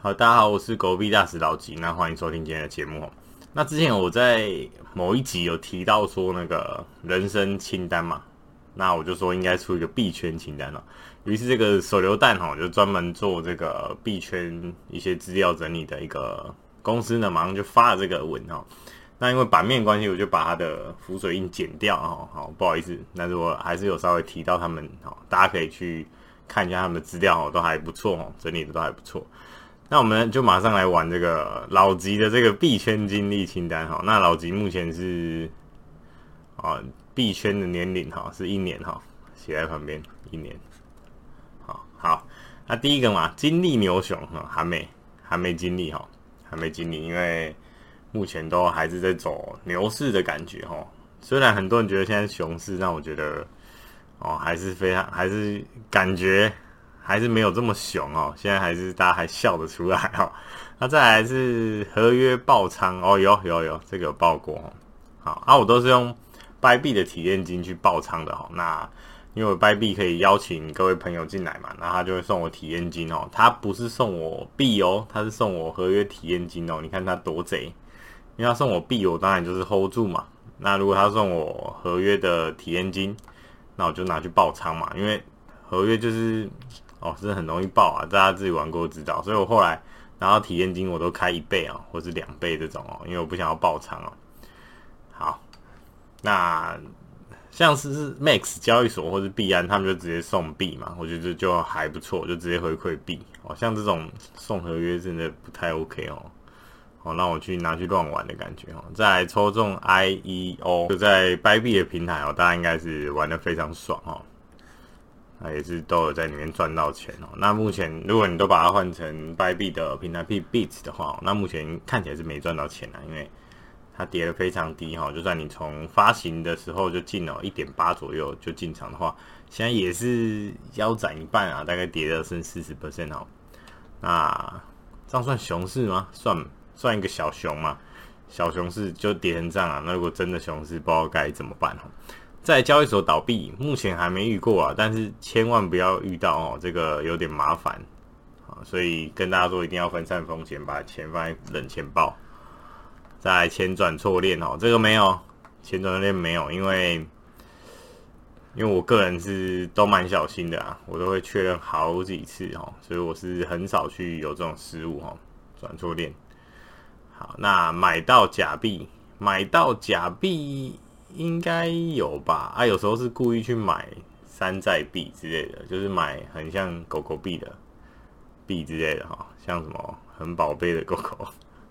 好，大家好，我是狗幣大使老吉，那歡迎收聽今天的節目。那之前我在某一集有提到說那個人生清單嘛，那我就說應該出一個幣圈清單了。於是這個手榴彈哈，就專門做這個幣圈一些資料整理的一個公司呢，馬上就發了這個文哈。那因為版面關係，我就把它的浮水印剪掉哈。好，不好意思，但是我還是有稍微提到他們哈，大家可以去看一下他們的資料，都還不錯哦，整理的都還不錯。那我們就馬上來玩這個老吉的這個幣圈經歷清單哈。那老吉目前是啊幣圈的年齡哈，是一年哈，寫在旁邊一年。好，好，那第一個嘛，經歷牛熊哈，還沒，還沒經歷哈，還沒經歷，因為目前都還是在走牛市的感覺哈。雖然很多人覺得現在熊市，那我覺得哦還是非常還是感覺。還是沒有這麼熊哦，現在還是大家還笑得出來哦。那再來是合約爆倉哦，有有有，這個有爆過哦。好啊，我都是用 Bybit 的體驗金去爆倉的哦。那因為 Bybit 可以邀請各位朋友進來嘛，那他就會送我體驗金哦。他不是送我幣哦，他是送我合約體驗金哦。你看他多賊，因為他送我幣，我當然就是 hold 住嘛。那如果他送我合約的體驗金，那我就拿去爆倉嘛，因為合約就是。哦，是很容易爆啊！大家自己玩過知道，所以我後來拿到體驗金我都開一倍啊、哦，或是兩倍這種哦，因為我不想要爆倉哦。好，那像是 Max 交易所或是幣安，他們就直接送幣嘛，我覺得就還不錯，就直接回饋幣。哦，像這種送合約真的不太 OK 哦。好、哦，那我去拿去亂玩的感覺哦。再來抽中 IEO 就在 Bybit 的平台哦，大家應該是玩得非常爽哦。啊，也是都有在裡面賺到錢哦。那目前，如果你都把它換成 Bybit 的平台幣 bit 的話、哦，那目前看起來是沒賺到錢啊，因為它跌得非常低哈、哦。就算你從發行的時候就進了，一點八左右就進場的話，現在也是腰斬一半啊，大概跌了剩四十 percent。那這樣算熊市嗎？算，算一個小熊嘛。小熊市就跌成這樣啊。那如果真的熊市，不知道該怎麼辦、哦在再來，交易所倒閉，目前還沒遇過啊，但是千萬不要遇到哦，這個有點麻煩，所以跟大家說一定要分散風險，把錢放在冷錢包，在再來，錢轉錯鏈哦，這個沒有，錢轉錯鏈沒有，因為因為我個人是都蠻小心的啊，我都會確認好幾次哦，所以我是很少去有這種失誤哦，轉錯鏈。好，那買到假幣，買到假幣。應該有吧啊，有時候是故意去買山寨幣之類的，就是買很像狗狗幣的幣之類的，哈，像什麼很寶貝的狗狗，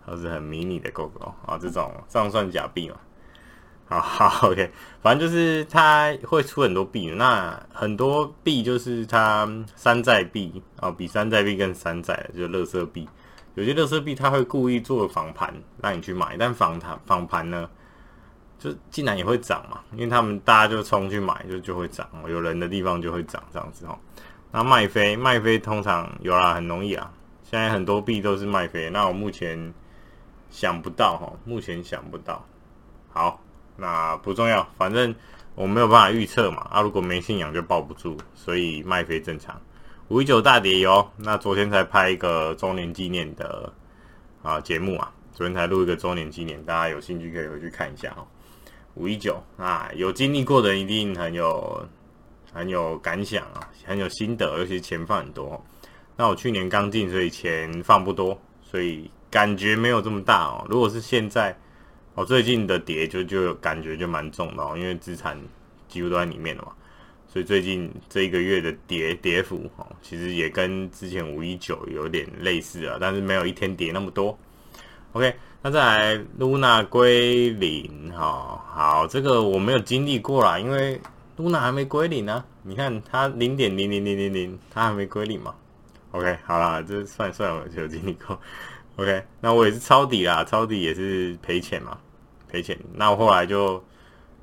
或是很迷你的狗狗啊，這種算算假幣嘛。好，好，OK，好，反正就是它會出很多幣，那很多幣就是它山寨幣哦、啊，比山寨幣更山寨的，就樂色幣。有些樂色幣它會故意做仿盤，讓你去買，但仿它仿盤呢？就竟然也會漲嘛，因為他們大家就衝去買，就就會漲，有人的地方就會漲這樣子吼。那賣飛，賣飛通常有啦，很容易啊。現在很多幣都是賣飛。那我目前想不到吼，目前想不到。好，那不重要，反正我沒有辦法預測嘛。啊，如果沒信仰就抱不住，所以賣飛正常。五一九大跌喲。那昨天才拍一個周年紀念的啊節目啊，昨天才錄一個周年紀念，大家有興趣可以回去看一下哦。五一九啊，有經歷過的人一定很有很有感想啊，很有心得，啊，而且錢放很多，哦。那我去年剛進，所以錢放不多，所以感覺沒有這麼大哦。如果是現在，我，哦，最近的跌就就感覺就蠻重的，哦，因為資產幾乎都在裡面了嘛。所以最近這一個月的跌跌幅哦，其實也跟之前五一九有點類似啊，但是沒有一天跌那麼多。OK，那再來 Luna 歸零哈、哦，好，這個我沒有經歷過啦，因為 Luna 還沒歸零呢、啊。你看它零點零零零零零，它還沒歸零嘛。OK，好啦，這算算我有經歷過。OK，那我也是抄底啦，抄底也是賠錢嘛，賠錢。那我後來就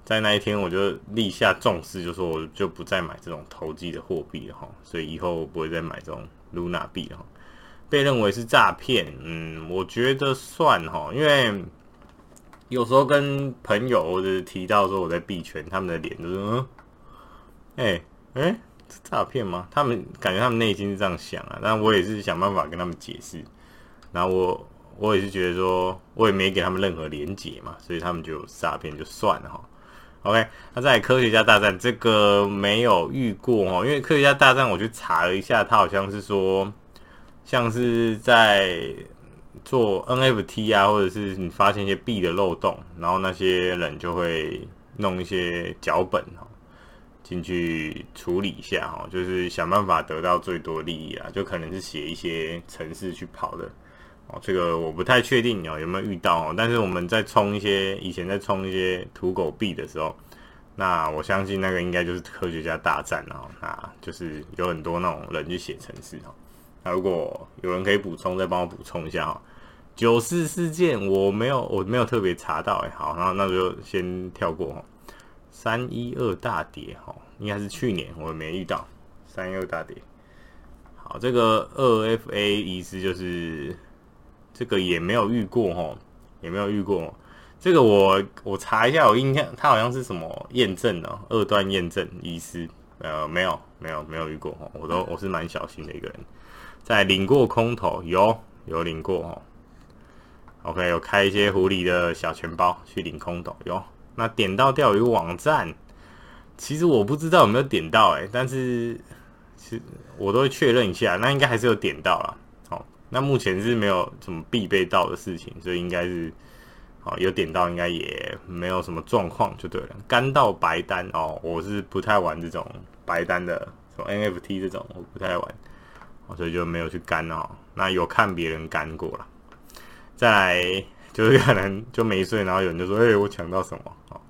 在那一天，我就立下重誓，就說我就不再買這種投機的貨幣了哈，所以以後我不會再買這種 Luna 幣了哈。被認為是詐騙，嗯，我覺得算哈，因為有時候跟朋友或者提到說我在幣圈，他們的臉就是，哎、嗯、哎、欸欸，是詐騙嗎？他們感覺他們內心是這樣想啊，但我也是想辦法跟他們解釋，然後我我也是覺得說，我也沒給他們任何連結嘛，所以他們就詐騙就算了哈。OK，那、啊、再來科學家大戰，這個沒有遇過哦，因為科學家大戰我去查了一下，他好像是說。像是在做 NFT 啊，或者是你發現一些幣的漏洞，然後那些人就會弄一些腳本、哦、進去處理一下、哦、就是想辦法得到最多的利益啊，就可能是寫一些程式去跑的哦。這個我不太確定哦，有沒有遇到、哦，但是我們在衝一些，以前在衝一些土狗幣的時候，那我相信那個應該就是科學家大戰哦，那就是有很多那種人去寫程式哦。如果有人可以補充，再幫我補充一下哈。九四事件我沒有，我沒有特別查到，哎、欸，好，那那就先跳過哈。三一二大跌哈，應該是去年，我也沒遇到三一二大跌。好，這個 2FA 遺失，就是這個也沒有遇過哈，也沒有遇過。這個我我查一下，我印象他好像是什麼驗證哦，二段驗證遺失呃，沒有沒有沒有遇過哈，我都我是蠻小心的一個人。再領過空投有有領過哦、喔、，OK 有開一些狐狸的小錢包去領空投有、喔，那點到釣魚網站，其實我不知道有沒有點到哎、欸，但是其實我都會確認一下，那應該還是有點到了哦、喔。那目前是沒有什麼必備到的事情，所以應該是哦、喔、有點到應該也沒有什麼狀況就對了。幹到白單哦、喔，我是不太玩這種白單的，什麼 NFT 這種我不太玩。所以就沒有去幹哦。那有看別人幹過了，再來就是可能就沒睡，然後有人就說：“哎、欸，我搶到什麼？”哦，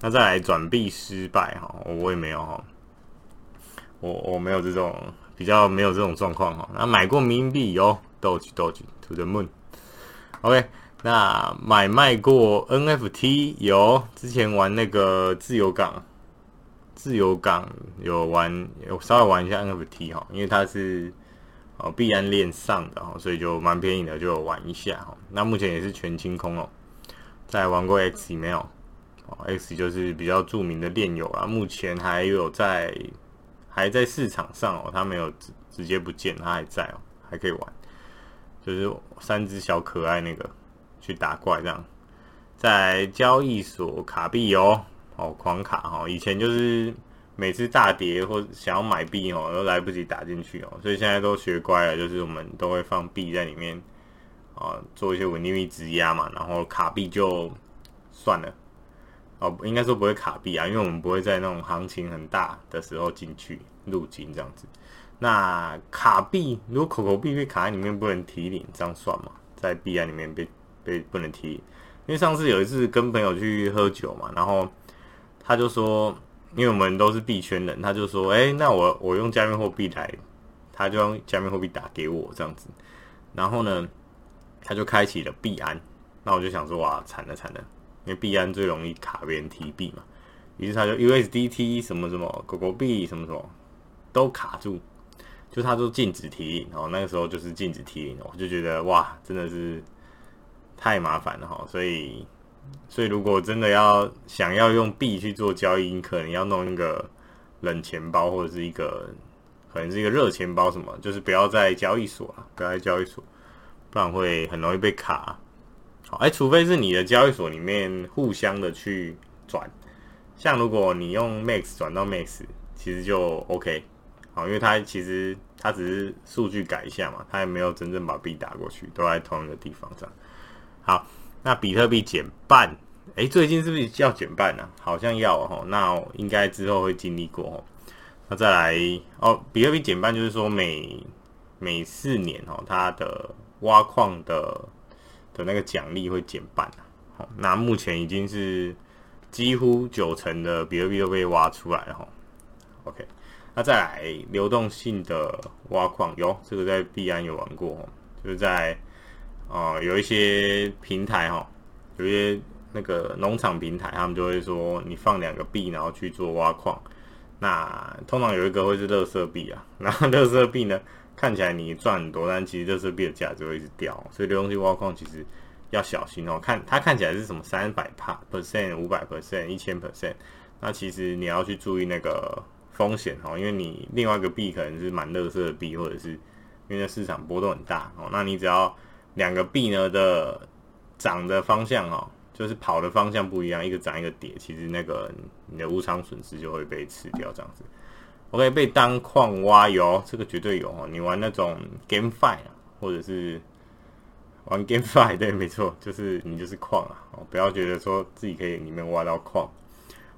那再來轉幣失敗哈，我、哦、我也沒有哈，我、哦、我沒有這種比較沒有這種狀況哈。那買過冥幣有，Doge、Doge，to the moon。OK，那買賣過 NFT 有、哦，之前玩那個自由港，自由港有玩，有稍微玩一下 NFT 哈、哦，因為它是。哦，必然鏈上的哦，所以就蠻便宜的，就玩一下哦。那目前也是全清空哦，再玩過 X 沒有？哦，X 就是比較著名的鏈遊啊，目前還有在還在市場上哦，它沒有直直接不見，它還在哦，還可以玩。就是三隻小可愛那個去打怪這樣，在交易所卡幣哦，哦狂卡哦，以前就是。每次大跌或想要買幣哦，都來不及打進去哦，所以現在都學乖了，就是我們都會放幣在裡面啊、呃，做一些穩定幣質押嘛，然後卡幣就算了哦、呃，應該說不會卡幣啊，因為我們不會在那種行情很大的時候進去入金這樣子。那卡幣如果狗狗幣被卡在裡面不能提領，這樣算嘛？在幣安裡面被被不能提領，因為上次有一次跟朋友去喝酒嘛，然後他就說。因為我們都是幣圈人，他就說：“哎、欸，那我我用加密貨幣來，他就用加密貨幣打給我這樣子。”然後呢，他就開啟了幣安。那我就想說：“哇，慘了慘了，因為幣安最容易卡別人提幣嘛。”於是他就 USDT 什麼什麼狗狗幣什麼什麼都卡住，就他就禁止提領。然後那個時候就是禁止提領，我就覺得哇，真的是太麻煩了哈，所以。所以，如果真的要想要用幣去做交易，你可能要弄一個冷錢包，或者是一個可能是一個熱錢包什麼，就是不要在交易所啊，不要在交易所，不然會很容易被卡。好，哎、欸，除非是你的交易所裡面互相的去轉，像如果你用 Max 轉到 Max，其實就 OK。好，因為它其實它只是數據改一下嘛，它也沒有真正把幣打過去，都在同一個地方上。好。那比特幣減半，哎，最近是不是要減半呢、啊？好像要哦。那應該之後會經歷過哦。那再來哦，比特幣減半就是說每每四年哦，它的挖礦的的那個獎勵會減半啊。那目前已經是幾乎九成的比特幣都被挖出來哈、哦。OK，那再來流動性的挖礦，喲，這個在幣安有玩過，就是在。哦，有一些平台哈、哦，有一些那個農場平台，他們就會說你放兩個幣，然後去做挖礦。那通常有一個會是樂色幣啊，然後樂色幣呢，看起來你賺很多，但其實樂色幣的價值會一直掉，所以流動性挖礦其實要小心哦。看它看起來是什麼三百帕 percent、五百 percent、一千 percent，那其實你要去注意那個風險哦，因為你另外一個幣可能是蠻樂色幣，或者是因為在市場波動很大哦，那你只要。兩個幣呢的漲的方向哦，就是跑的方向不一樣，一個漲一個跌，其實那個你的無常損失就會被吃掉，這樣子。OK，被當礦挖油，這個絕對有哦。你玩那種 GameFi、啊、或者是玩 GameFi，對，沒錯，就是你就是礦啊、哦、不要覺得說自己可以裡面挖到礦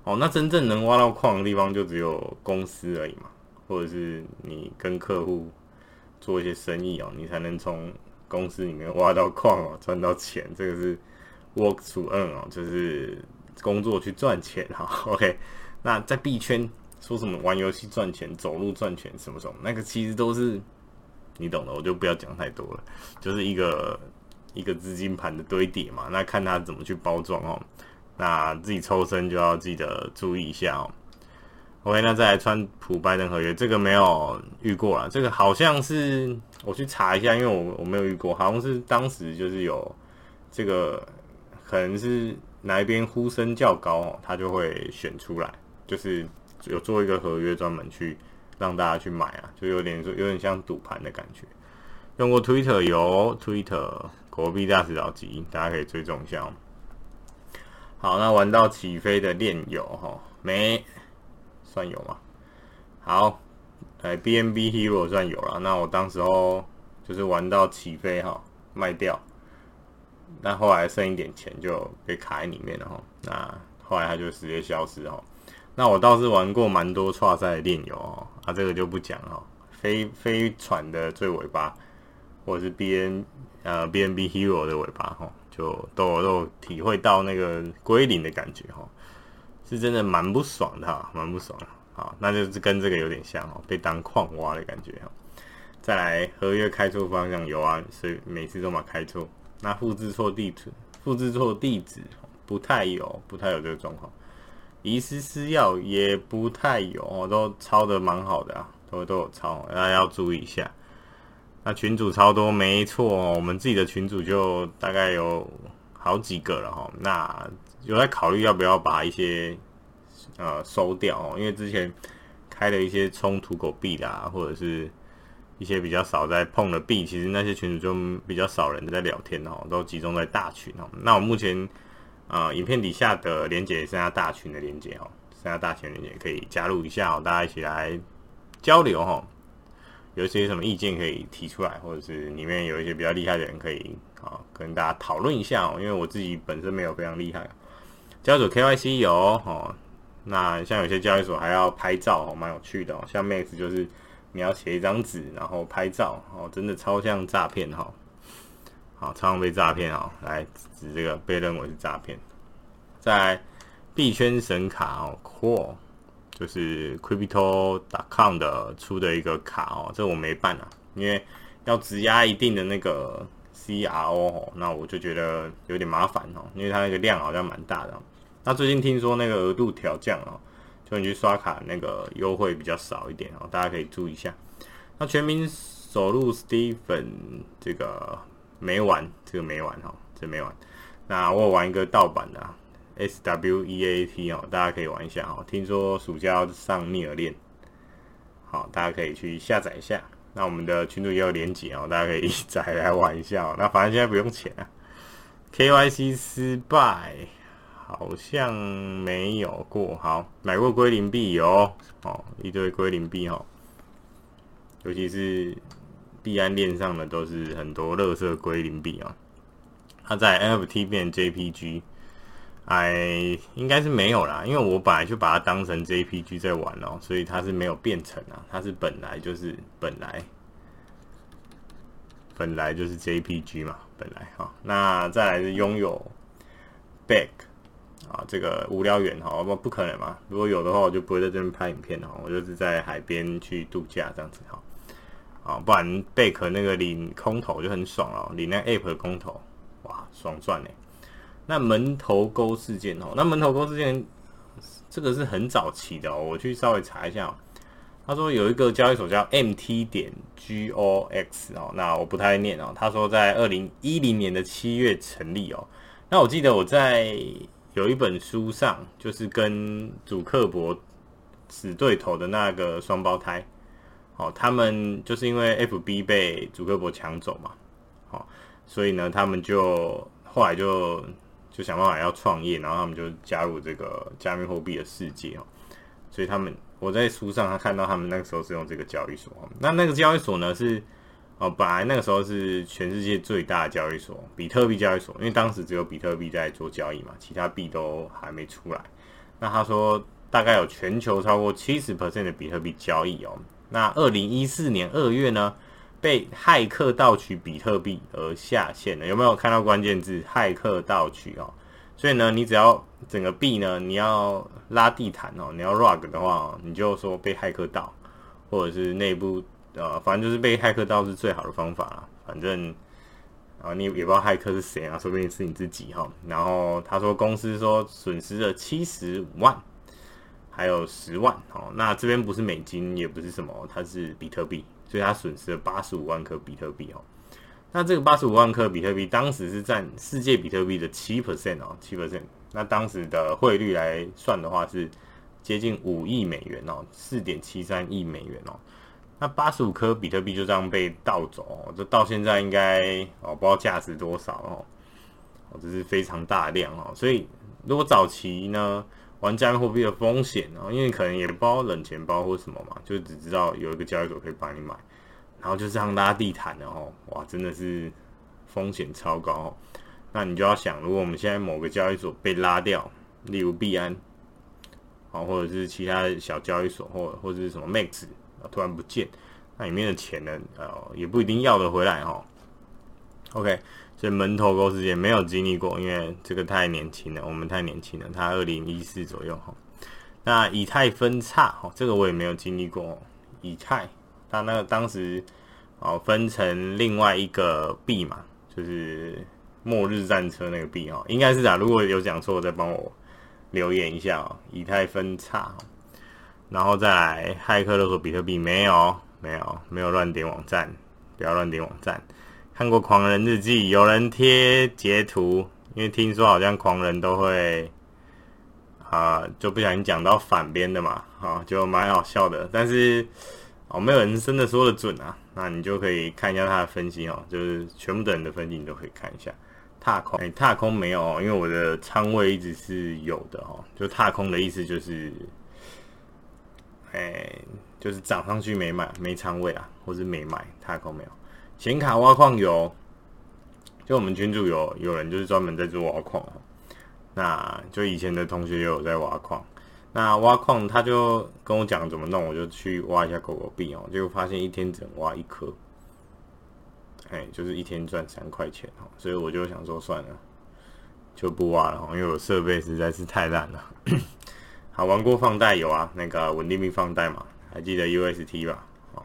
哦。那真正能挖到礦的地方就只有公司而已嘛，或者是你跟客戶做一些生意哦，你才能從公司裡面挖到礦哦，賺到錢，這個是 work to earn 哦，就是工作去賺錢哈、哦。OK，那在幣圈說什麼玩遊戲賺錢、走路賺錢什麼什麼，那個其實都是你懂的，我就不要講太多了。就是一個一個資金盤的堆疊嘛，那看他怎麼去包裝哦。那自己抽身就要記得注意一下哦。OK，那再來川普拜登合約，這個沒有遇過啊。這個好像是我去查一下，因為我我沒有遇過，好像是當時就是有這個，可能是哪一邊呼聲較高、喔，他就會選出來，就是有做一個合約專門去讓大家去買啊，就有點說有點像賭盤的感覺。用過 Twitter 有 Twitter 國幣大使老吉，大家可以追蹤一下、喔。好，那玩到起飛的煉油哈、喔、沒。算有嗎？好，哎 b n b Hero 算有了。那我當時候就是玩到起飛哈，賣掉。那後來剩一點錢就被卡在裡面了哈。那後來它就直接消失哈。那我倒是玩過蠻多跨賽的電遊哦，啊，這個就不講哈。飛飛船的最尾巴，或者是 BN、呃、B N 呃 b n b Hero 的尾巴哈，就都有都有體會到那個歸零的感覺哈。是真的蠻不爽的哈，蠻不爽的。好，那就是跟這個有點像哦，被當礦挖的感覺。再來，合約開錯方向有啊，所以每次都嘛開錯。那複製錯地址，複製錯地址不太有，不太有這個狀況。遺失私鑰也不太有，都抄得蠻好的啊，都都有抄，大家要注意一下。那群主超多沒錯，我們自己的群主就大概有好幾個了哈。那有在考慮要不要把一些呃收掉哦，因為之前開了一些衝土狗幣的、啊，或者是一些比較少在碰的幣，其實那些群組就比較少人在聊天哦，都集中在大群哦。那我目前啊、呃，影片底下的連結是那大群的連結哦，是那大群連結可以加入一下哦，大家一起來交流哦，有一些什麼意見可以提出來，或者是裡面有一些比較厲害的人可以啊、哦、跟大家討論一下哦，因為我自己本身沒有非常厲害。交易所 KYC 有哦，那像有些交易所還要拍照哦，蠻有趣的哦。像 Max 就是你要寫一張紙，然後拍照哦，真的超像詐騙哈，好，超像被詐騙哦，來，指這個被認為是詐騙。在幣圈神卡哦，Core 就是 Crypto.com 的出的一個卡哦，這我沒辦啊，因為要質押一定的那個 CRO 哦，那我就覺得有點麻煩哦，因為它那個量好像蠻大的。那最近聽說那個額度調降哦，就你去刷卡那個優惠比較少一點哦，大家可以注意一下。那全民首入 StepN 這個沒玩，這個沒玩哦，這個、沒玩。那我有玩一個盜版的、啊、S W E A T 哦，大家可以玩一下哦。聽說暑假要上逆耳鏈，好，大家可以去下載一下。那我們的群主也有連結哦，大家可以一載來玩一下、哦。那反正現在不用錢啊，K Y C 失敗。好像沒有過好買過歸零幣有哦一堆歸零幣哈，尤其是幣安鏈上的都是很多樂色歸零幣啊。它在 NFT 變成 JPG，哎，應該是沒有啦，因為我本來就把它當成 JPG 在玩哦，所以它是沒有變成啊，它是本來就是本來本來就是 JPG 嘛，本來哈、啊。那再來是擁有 Back。啊，這個無聊猿哈，不不可能嘛！如果有的話，我就不會在這邊拍影片哦，我就是在海邊去度假這樣子哈。啊，不然貝殼那個領空投就很爽哦，領那 App 的空投，哇，爽賺呢、欸。那門頭溝事件哦，那門頭溝事件這個是很早期的哦，我去稍微查一下，他說有一個交易所叫 MT 點 GOX 哦，那我不太會念哦。他說在二零一零年的七月成立哦，那我記得我在。有一本書上，就是跟祖克伯死對頭的那個雙胞胎，哦，他們就是因為 FB 被祖克伯搶走嘛，哦，所以呢，他們就後來就就想辦法要創業，然後他們就加入這個加密貨幣的世界哦，所以他們我在書上他看到他們那個時候是用這個交易所，那那個交易所呢是。哦，本來那個時候是全世界最大的交易所，比特幣交易所，因為當時只有比特幣在做交易嘛，其他幣都還沒出來。那他說大概有全球超過七十%的比特幣交易哦。那二零一四年二月呢，被駭客盜取比特幣而下線了。有沒有看到關鍵字“駭客盜取”哦？所以呢，你只要整個幣呢，你要拉地毯哦，你要 rug 的話，你就說被駭客盜，或者是內部。呃，反正就是被駭客盜是最好的方法啦，反正，啊，你也不知道駭客是誰啊，說不定是你自己哈、哦。然後他說，公司說損失了七十五萬，還有十萬哦。那這邊不是美金，也不是什麼，它是比特幣，所以它損失了八十五萬顆比特幣哦。那這個八十五萬顆比特幣當時是佔世界比特幣的七 percent 哦，七 percent。那當時的匯率來算的話，是接近五億美元哦，四點七三億美元哦。那八十五顆比特幣就這樣被盜走哦，這到現在應該哦不知道價值多少哦，哦這是非常大量哦，所以如果早期呢玩加密貨幣的風險哦，因為可能也不知道冷錢包或什麼嘛，就只知道有一個交易所可以幫你買，然後就這樣拉地毯的哦，哇真的是風險超高哦，那你就要想，如果我們現在某個交易所被拉掉，例如幣安啊，哦，或者是其他小交易所或者或者是什麼 Max。突然不見，那裡面的錢呢？哦、呃，也不一定要得回來哈、哦。OK，所以門頭溝事件沒有經歷過，因為這個太年輕了，我們太年輕了。它二零一四左右哈、哦。那以太分叉哦，這個我也沒有經歷過。以太，他那個當時哦，分成另外一個幣嘛，就是末日戰車那個幣哦，應該是啊。如果有講錯，再幫我留言一下哦。以太分叉。然後再來駭客勒索比特幣沒有？沒有？沒有？亂點網站，不要亂點網站。看過狂人日記，有人貼截圖，因為聽說好像狂人都會啊、呃，就不小心講到反邊的嘛，啊、哦，就蠻好笑的。但是哦，沒有人真的說得準啊。那你就可以看一下他的分析哦，就是全部的人的分析你都可以看一下。踏空哎，踏空沒有，因為我的倉位一直是有的哦，就踏空的意思就是。哎、欸，就是漲上去沒買，沒倉位啊，或是沒買。踏空沒有。顯卡挖礦有，就我們群主有，有人就是專門在做挖礦，那就以前的同學也有在挖礦。那挖礦他就跟我講怎麼弄，我就去挖一下狗狗幣哦、喔，就發現一天只能挖一顆，哎、欸，就是一天賺三塊錢哦、喔，所以我就想說算了，就不挖了、喔，因為我設備實在是太爛了.。 好，玩過放貸有啊，那個穩定幣放貸嘛，還記得 UST 吧、哦？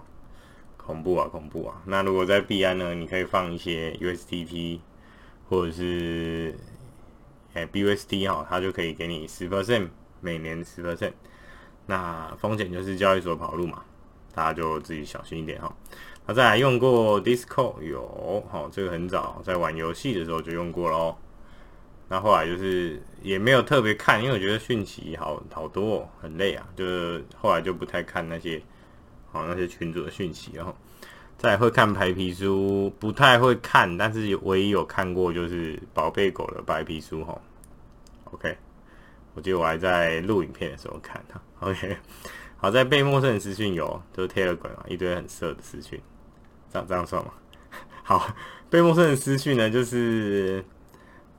恐怖啊，恐怖啊！那如果在幣安呢，你可以放一些 USDT 或者是、欸、BUSD 哈、哦，它就可以給你十 percent 每年十 percent。那風險就是交易所跑路嘛，大家就自己小心一點哈、哦。那、啊、再來用過 Discord 有，好、哦，這個很早在玩遊戲的時候就用過咯。那後來就是也沒有特別看，因為我覺得訊息好好多、哦，很累啊。就是後來就不太看那些，好、哦、那些群組的訊息哦。再來會看白皮書，不太會看，但是唯一有看過就是寶貝狗的白皮書哈、哦。OK，我記得我還在錄影片的時候看的。OK，好，在被陌生人私訊有，就都 Telegram 嘛，一堆很色的私訊，這樣這樣算嗎？好，被陌生人私訊呢，就是。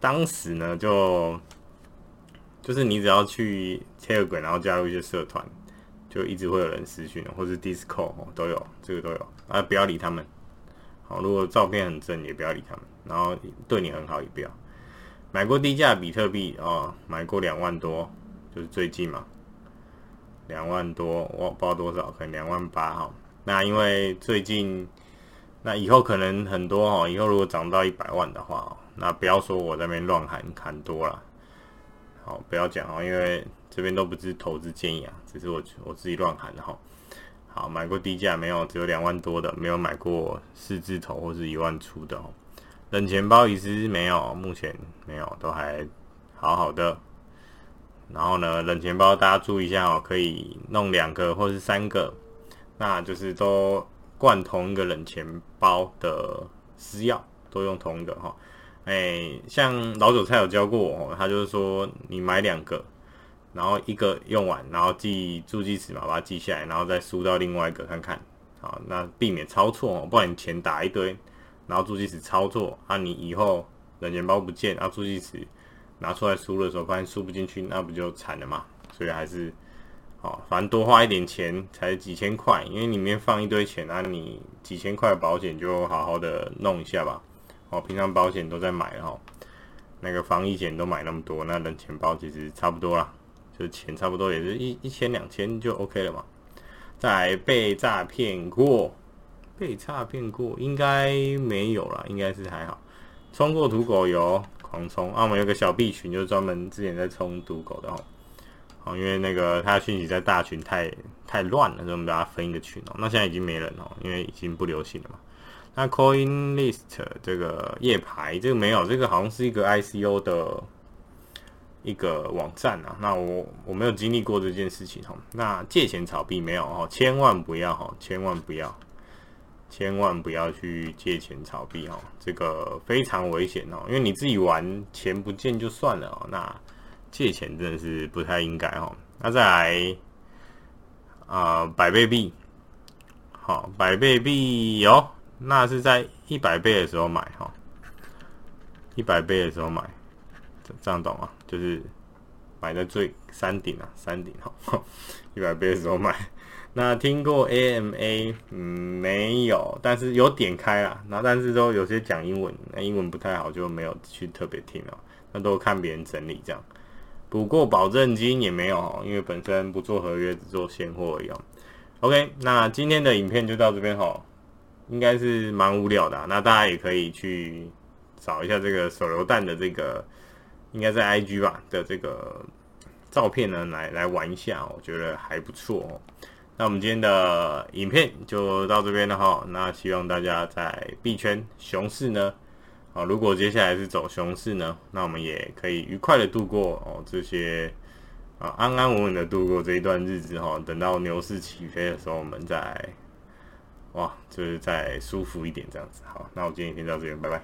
當時呢，就就是你只要去 Telegram，然後加入一些社團，就一直會有人私訊，或是 Discord 都有，這個都有啊，不要理他們。好，如果照片很正，也不要理他們。然後對你很好，也不要。買過低價比特幣哦，買過兩萬多，就是最近嘛，兩萬多，我不知道多少，可能兩萬八哈。那因為最近，那以後可能很多哈，以後如果漲到一百萬的話。那不要說我在那邊亂喊喊多了，好，不要講哦、喔，因為這邊都不是投資建議啊，只是我我自己亂喊的哈。好，買過低價沒有？只有兩萬多的，沒有買過四字頭或是一萬出的哦、喔。冷錢包一支沒有，目前沒有，都還好好的。然後呢，冷錢包大家注意一下哦、喔，可以弄兩個或是三個，那就是都灌同一個冷錢包的私鑰，都用同一個哈、喔。哎、欸，像老韭菜有教過我，他就是說，你買兩個，然後一個用完，然後記助記詞把它記下來，然後再輸到另外一個看看，好，那避免操作哦，不然你錢打一堆，然後助記詞操作啊，你以後軟錢包不見，啊助記詞拿出來輸的時候發現輸不進去，那不就慘了嘛？所以還是，哦，反正多花一點錢才幾千塊，因為裡面放一堆錢啊，你幾千塊的保險就好好的弄一下吧。哦，平常保險都在買了哦，那個防疫險都買那麼多，那冷錢包其實差不多啦，就是錢差不多也是一一千兩千就 OK 了嘛。再來被詐騙過，被詐騙過應該沒有了，應該是還好。衝過土狗游，狂衝。啊，我們有個小 B 群，就是專門之前在衝土狗的哦，哦。因為那個他訊息在大群太太亂了，所以我們把它分一個群哦。那現在已經沒人哦，因為已經不流行了嘛。那 Coin List 這個夜排，這個沒有，這個好像是一個 ICO 的一個網站啊。那我我沒有經歷過這件事情哦。那借錢炒幣沒有哈，千萬不要哈，千萬不要，千萬不要去借錢炒幣哈，這個非常危險哦。因為你自己玩錢不見就算了哦，那借錢真的是不太應該哦。那再來啊、呃，百倍幣，好，百倍幣有。那是在一百倍的時候買哈，一百倍的時候買，這這樣懂嗎？就是買在最山頂啊，山頂哈，一百倍的時候買。那聽過 AMA，嗯，沒有，但是有點開啊，那但是都有些講英文，那英文不太好，就沒有去特別聽哦。那都看別人整理這樣。不過保證金也沒有，因為本身不做合約，只做現貨而已。OK，那今天的影片就到這邊哈。應該是蠻無聊的啊，那大家也可以去找一下這個手榴彈的這個，應該在 IG 吧的這個照片呢，來來玩一下哦，我覺得還不錯哦。那我們今天的影片就到這邊了哈、哦，那希望大家在幣圈熊市呢，啊、哦，如果接下來是走熊市呢，那我們也可以愉快的度過哦，這些啊安安穩穩的度過這一段日子哈、哦，等到牛市起飛的時候，我們再。哇，就是再舒服一點這樣子，好，那我今天先到這邊，拜拜。